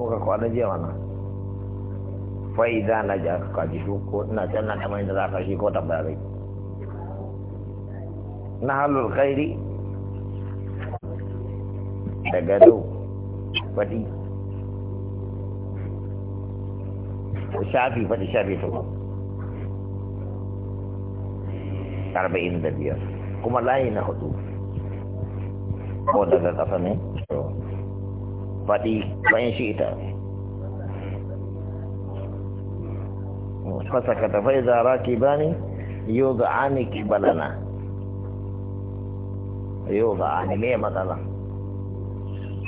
kuka kwana jiya mana. fai za na ji aka kaji shi ko ina can na kamar yadda za ka shi ko tambaya zai na halul khairi da gado fadi shafi fadi shafi su arba'in da biyar kuma layi na hudu ko daga ƙasa ne Faɗi bayan shi ita fasaka ta fai zara ki bani yau ga ani ki balana yau ga ani mai matsala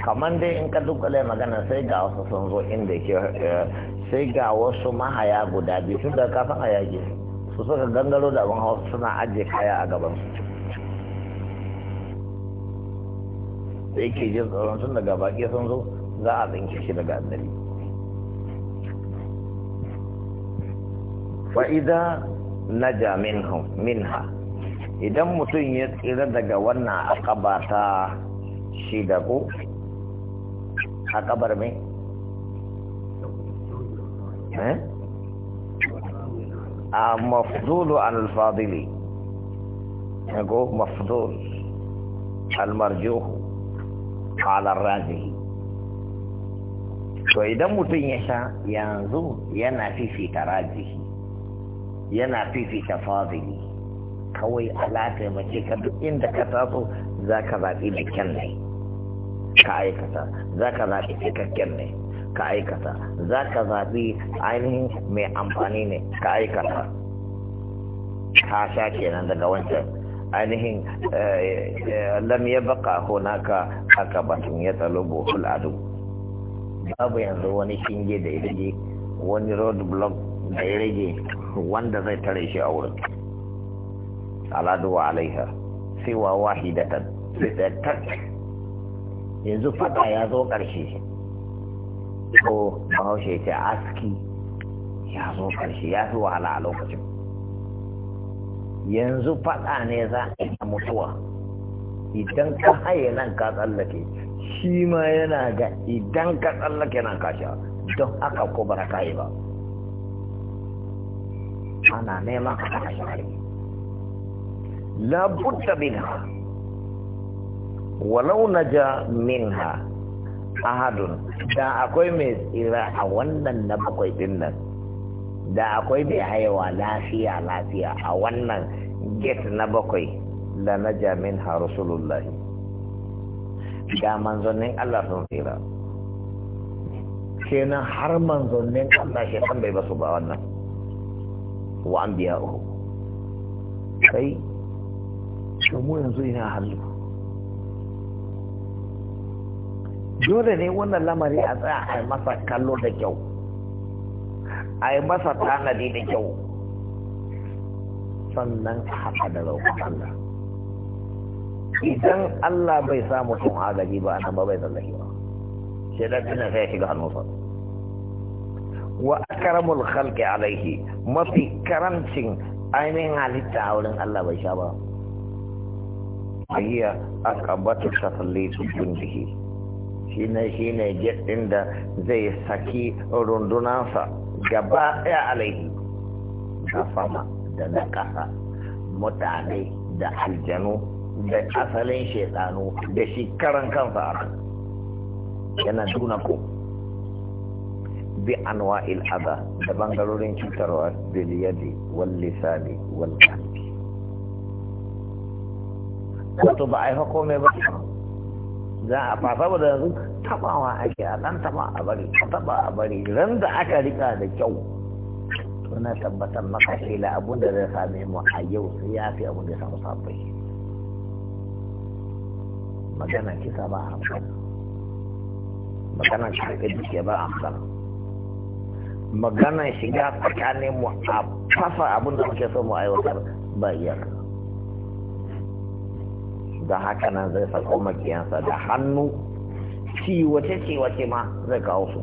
kamar dai in ka dukkale magana sai ga wasu sun zo inda ke eh, sai ga wasu mahaya guda biyu tun da kafin hayaki su suka gangaro da abin hausa suna ajiye kaya a gabansu da yake jin tsoron tun daga baki sun zo za a tsinke shi daga annabi fa'ida na jamin minha idan mutum ya tsira daga wannan akaba ta shi da ko akabar mai eh? a mafzulu an alfadili ya go mafzul almarjuhu halar rajihi to idan mutum ya sha yanzu yana fifita rajihi yana fifita fadili kawai ala mace ka duk inda ka taso za ka zaɓi da kyanne ka aikata za ka zaɓi cikakken ne ka aikata za ka zaɓi ainihin mai amfani ne ka aikata ka sha kenan daga wancan ainihin eh, eh, lam ya baka honaka aka batun ya tsalo bohul adu babu yanzu wani shinge da wani road block da ya rage wanda zai tare shi a wurin wa alaiha siwa wahidatan fitattak yanzu fada ya zo ƙarshe ko bahaushe ce aski ya zo ƙarshe ya fi wahala a lokacin yanzu faɗa ne za a yi mutuwa idan ka haye nan ka tsallake shi ma yana ga idan ka tsallake nan ka sha don aka ko bara ka yi ba ana neman ka ta labuta bin ha walau na ja min ha ahadun da akwai mai tsira a wannan na bakwai din nan da akwai bai haiwa lafiya lafiya a wannan gate na bakwai da na jamin harusulullahi. ga manzannin Allah sun tsira kenan har manzannin Allah shi kan bai basu ba wannan wa an biya uku kai mu yanzu ina hallu dole ne wannan lamari a tsaya a masa kallo da kyau a yi masa tanadi da kyau sannan a haɗa da roƙon Allah idan Allah bai samu mutum agaji ba nan ba bai tsallake ba sai da tunan sai ya shiga hannunsa wa akramul khalqi alaihi mafi karancin ainihin halitta a wurin Allah bai sha ba hiya akabatu shi ne shi ne jet din da zai saki rundunansa gaba ɗaya alaihi na da na ƙasa mutane da aljanu da asalin shekanu da shi kansa a yana tuna ko bi da bangarorin cutarwa bil yadi wal lisani wal ba a yi hako mai ba za a fafa da yanzu tabawa ake a dan taba a bari taba a bari ran da aka rika da kyau to na tabbatar maka kila abun da zai same mu a yau sai ya fi abun da samu sabai magana kisa ba hamsin magana shiga duke ba hamsin magana shiga tsakanin mu a fasa abun da muke so mu aiwatar ba iyaka da haka nan zai sako makiyansa da hannu ciwace-ciwace ma zai kawo su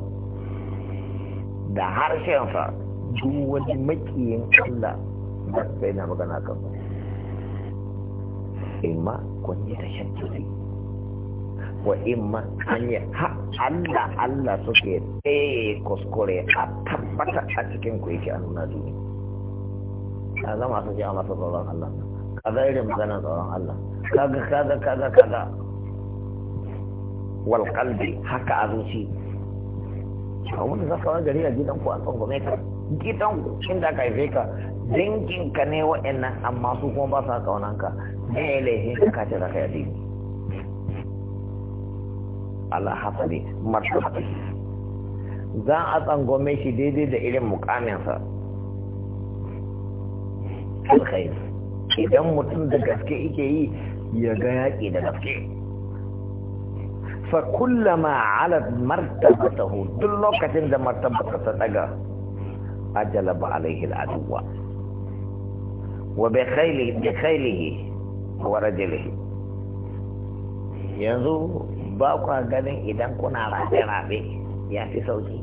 da harshensa duk wani makiyin Allah da sai na magana kan imma kwanye da shakkiri wa imma an yi ha Allah Allah suke tsaye kuskure a tabbata a cikin ku yake a nuna duniya a zama su ji a masu tsoron Allah a zairin maganar tsoron Allah kaga kaga kaga kaga wal qalbi haka a zuci a wani ka wani gari a gidan ku a tsangwame ka gidan ku inda ka haife ka dinkin ka ne wa'annan amma su kuma ba sa kaunan ka ne ya laifin ka kace zaka yi ala hasabi martabati za a tsangwame shi daidai da irin mukaminsa alkhair idan mutum da gaske yake yi ya ga yaƙi da gaske fa kullama alat martabatahu duk lokacin da martabata ta daga ajala ba alaihi al'aduwa wa bi khaylihi bi khaylihi wa rajlihi yanzu ba kwa ganin idan kuna rafe rafe ya fi sauki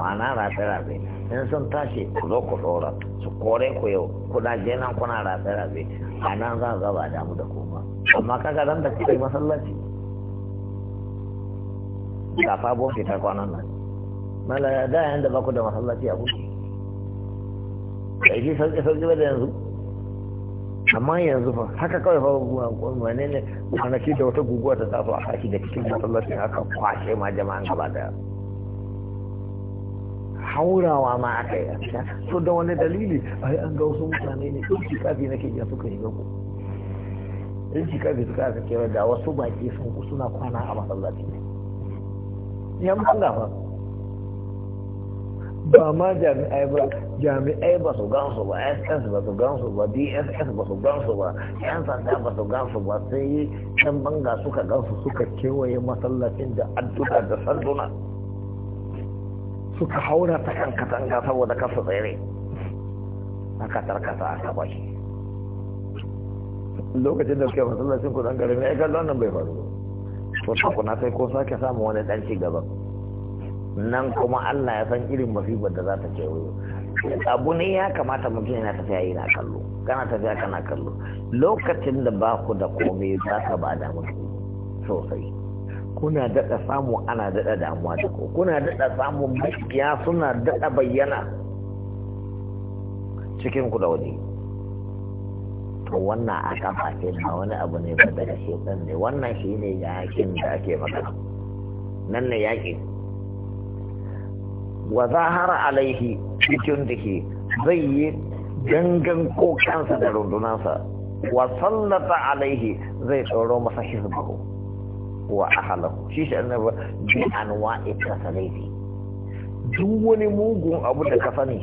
ma'ana rafe rafe in sun tashi ku zo ku tsora su kore ku yau kuna je nan kuna rafe rafe a nan za ga ba damu da koma amma kaga ran da kuka masallaci da ga sabon fitar kwanan nan mala da yanda ba ku da masallaci a buki kuke ƙarfi sauƙi sauƙi ba da yanzu amma yanzu fa haka kawai fa wane ne kwanaki da wata guguwa ta tafi a kashi da cikin masallaci haka kwashe ma jama'an gaba daya haurawa ma aka yi so da wani dalili ai an ga wasu mutane ne ɗauki kafi na ke suka shiga ku ɗauki kafi suka aka kewa da wasu baki sun ku suna kwana a masallaci ne ya banga fa ba ma jami'ai ba jami'ai ba su gansu ba ss ba su gansu ba dss ba su gansu ba yan sanda ba su gansu ba sai can banga suka gansu suka kewaye masallacin da adduna da sanduna suka haura ta kan katanga saboda kasa tsere aka kasa a bashi lokacin da suke masallacin kudan garin ya kallon nan bai faru to takuna sai ko sake samun wani dan ci gaban nan kuma Allah ya san irin masibar da za ta kewayo abu ne ya kamata mutum yana tafiya yana kallo kana tafiya kana kallo lokacin da ba ku da komai za ka ba da mutum sosai kuna daɗa samu ana daɗa damuwa da ku kuna daɗa samu gaskiya suna daɗa bayyana cikin ku da wani to wannan a kafa ce ba wani abu ne ba daga shi ne wannan shi ne yakin da ake magana nan ne yaƙi wa zahara alaihi cikin dake zai yi gangan ko kansa da rundunansa wa sallata alaihi zai tsoro masa hizbahu wa ahalahu shi shi annabi bi anwa'i kasalaiti duk wani mugun abu da ka sani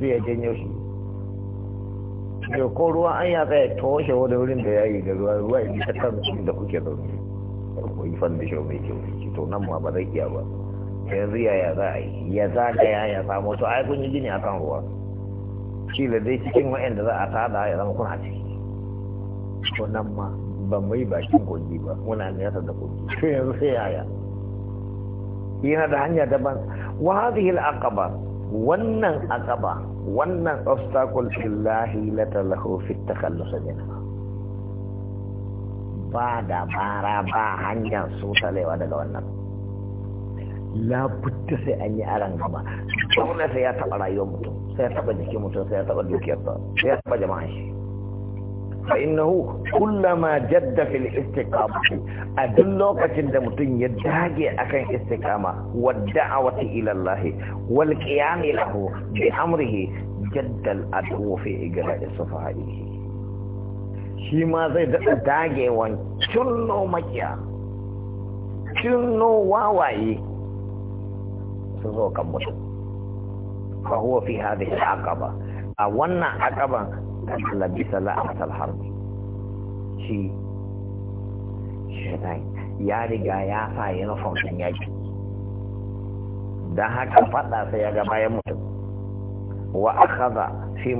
sai ya janyo shi da ko ruwa an ya kai toshe wani wurin da yayi da ruwa ruwa in ta kan shi da kuke zaune ko yi fan da shi mai kyau to nan ma ba zai iya ba yanzu ya za a yi ya zagaya ya samu to ai kun yi gini a kan ruwa shi da dai cikin wa'anda za a tada ya zama kuna ciki ko nan ma ba mai bakin kogi ba muna nesa da kogi to yanzu sai yaya yana da hanya daban wa hadhihi al-aqaba wannan aqaba wannan obstacle illahi latalahu fi takhallus minha ba da bara ba hanyar sosalewa daga wannan labutta sai an yi aran gaba dole sai ya taba rayuwar mutum sai ya taba jikin mutum sai ya taba dukiyarsa sai ya taba jama'an shi فإنه كلما جد في الاستقامة أدل لوكتين عند متن يدعي أكن استقامة والدعوة إلى الله والقيام له بأمره جد الأدو في إجراء صفائه shi ما zai دعي وان شنو makiya cinno wawaye su zo فهو في هذه العقبة fi hadhihi wannan aqaban قد لبس لعنة shi شي ya riga ya sa uniform ya yaki don haka fada sai ya ga bayan mutum wa za fi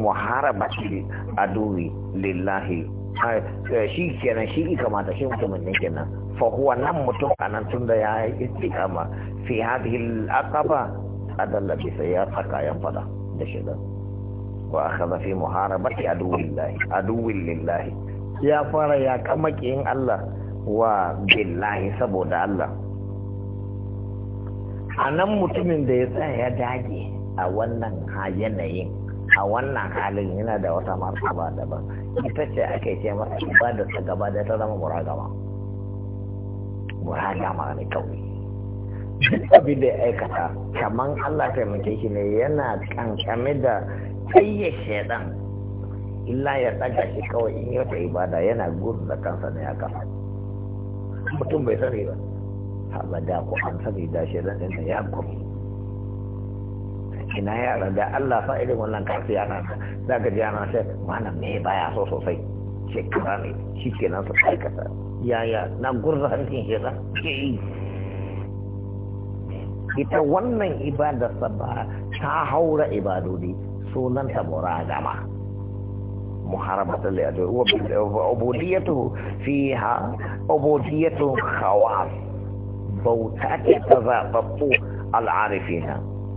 a duri lillahi shi kenan shi kamata shi mutumin ne kenan fa nan mutum tun tunda ya yi istiqama fi hadhihi al-aqaba adalla bi bisa ya fada da shaitan wa في محاربة عدو الله عدو ya fara ya kamake in Allah wa billahi saboda Allah anan mutumin da ya tsaya ya dage a wannan yanayin a wannan halin yana da wata martaba daban ita ce ake ce masa ibada ta gaba da ta zama muragama muragama ne kawai abin da ya aikata kamar Allah taimake shi ne yana kankame da tsaye shaidan illa ya tsaga shi kawai in yi wata ibada yana gudu da kansa ne a kafa mutum bai sani ba abada ko an sani da shaidan ɗin ya kuma ina ya da Allah sa irin wannan karfi ana za ka ji ana sai malam me baya so sosai shekara ne shi kenan su aikata yaya na gurza hankin shaidan ke yi ita wannan ibadarsa ba ta haura ibadodi sunanta muradama محاربة وعبوديته فيها عبودية خواص بوتات تذاقط العارفين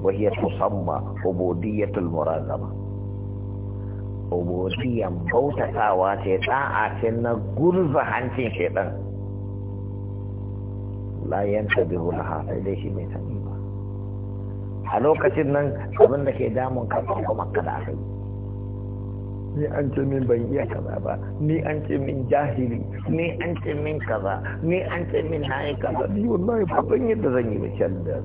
وهي تسمى عبودية المراقبة عبودية بوتة تاعتنا قرزة عن شيطان لا ينتبه لها إليه مثل a lokacin nan abin da ke damun ka kuma kada aka yi ni an ce min ban iya kaza ba ni an ce min jahili ni an ce min kaza ni an ce min haye kaza ni wallahi ba ban yadda zan yi bishar da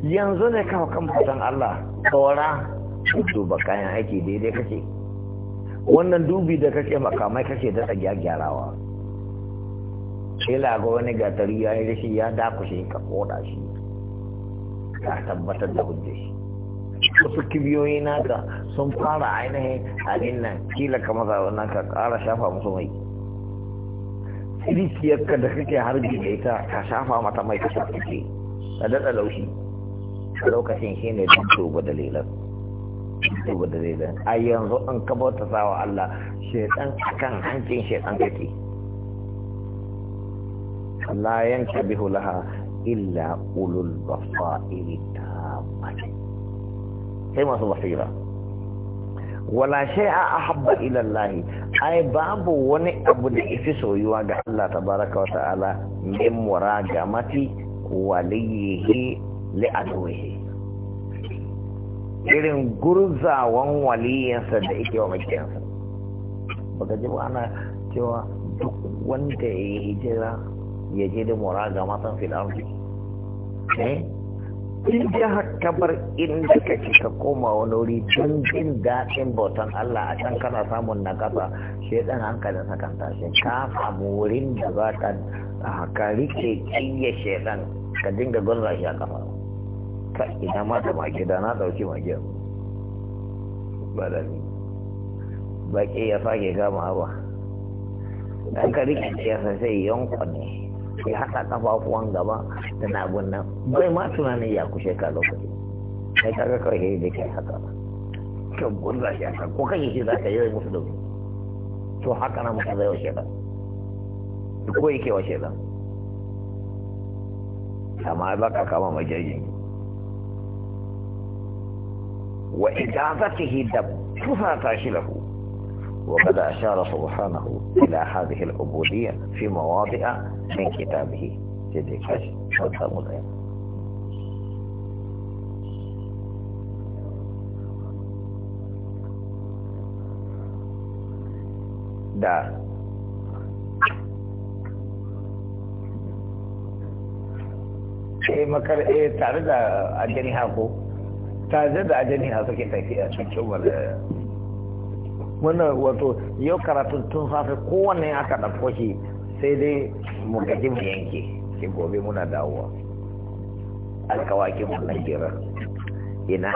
ki yanzu ne kawo kan fatan Allah tsora duba kayan aiki daidai kake wannan dubi da kake makamai kake da tsagiya gyarawa sai laga wani gatari ya yi rashi ya dakushe ka koda shi ka tabbatar da hujjoji wasu kibiyoyi naka sun fara ainihin a nan kila ka zaɓe wannan ka ƙara shafa musu mai tsirikiyarka da kake harbi da ita ka shafa mata mai kasar kake ka daɗa laushi a lokacin shi ne don duba dalilan duba dalilan a yanzu an ta sawa Allah shaitan akan hancin shaitan kake Allah yanka bihu laha illa ulul basairi tammati sai masu basira wala shay'a ahabba ila Allah ai babu wani abu da yafi soyuwa ga Allah tabaraka wa ta'ala min muragamati waliyihi li adwihi irin gurzawan waliyinsa da yake wa makiyansa baka ji ana cewa duk wanda ya yi hijira ya je da mora ga matan filarci eh? in ji bar inda kake ka koma wani wuri don jin daɗin bautan Allah a can kana samun na ƙasa shi ɗan hankalin sakan tashi ka samu wurin da za ka haka ah, rike kiyaye shaidan ka dinga gwanza shi a ƙafa ka ina ma da maki da na ɗauki maki ba da ni baƙi ya fage gama ba ɗan ka rike kiyasa sai yankwa ne sai haka kafafuwan gaba da na abun nan bai ma suna ne ya kushe ka lokaci sai kaga kawai da kai haka kan gurza shi haka ko kan shi za ka yi musu dauki to haka na musu zai wa shaidan ko yake wa shaidan amma ba ka kama majajin wa idazatihi da ta shi lahu وقد اشار سبحانه الى هذه العبوديه في مواضع من كتابه جدي إيه، إيه، فش شو دا ای مکر ای تعرف دا اجنی ها کو تازه دا اجنی ها تو که تکیه چون wannan wato yau karatu tun safe kowanne aka ɗauko shi sai dai mu gaji mu yanke sai gobe muna dawowa alkawakin mun najira ina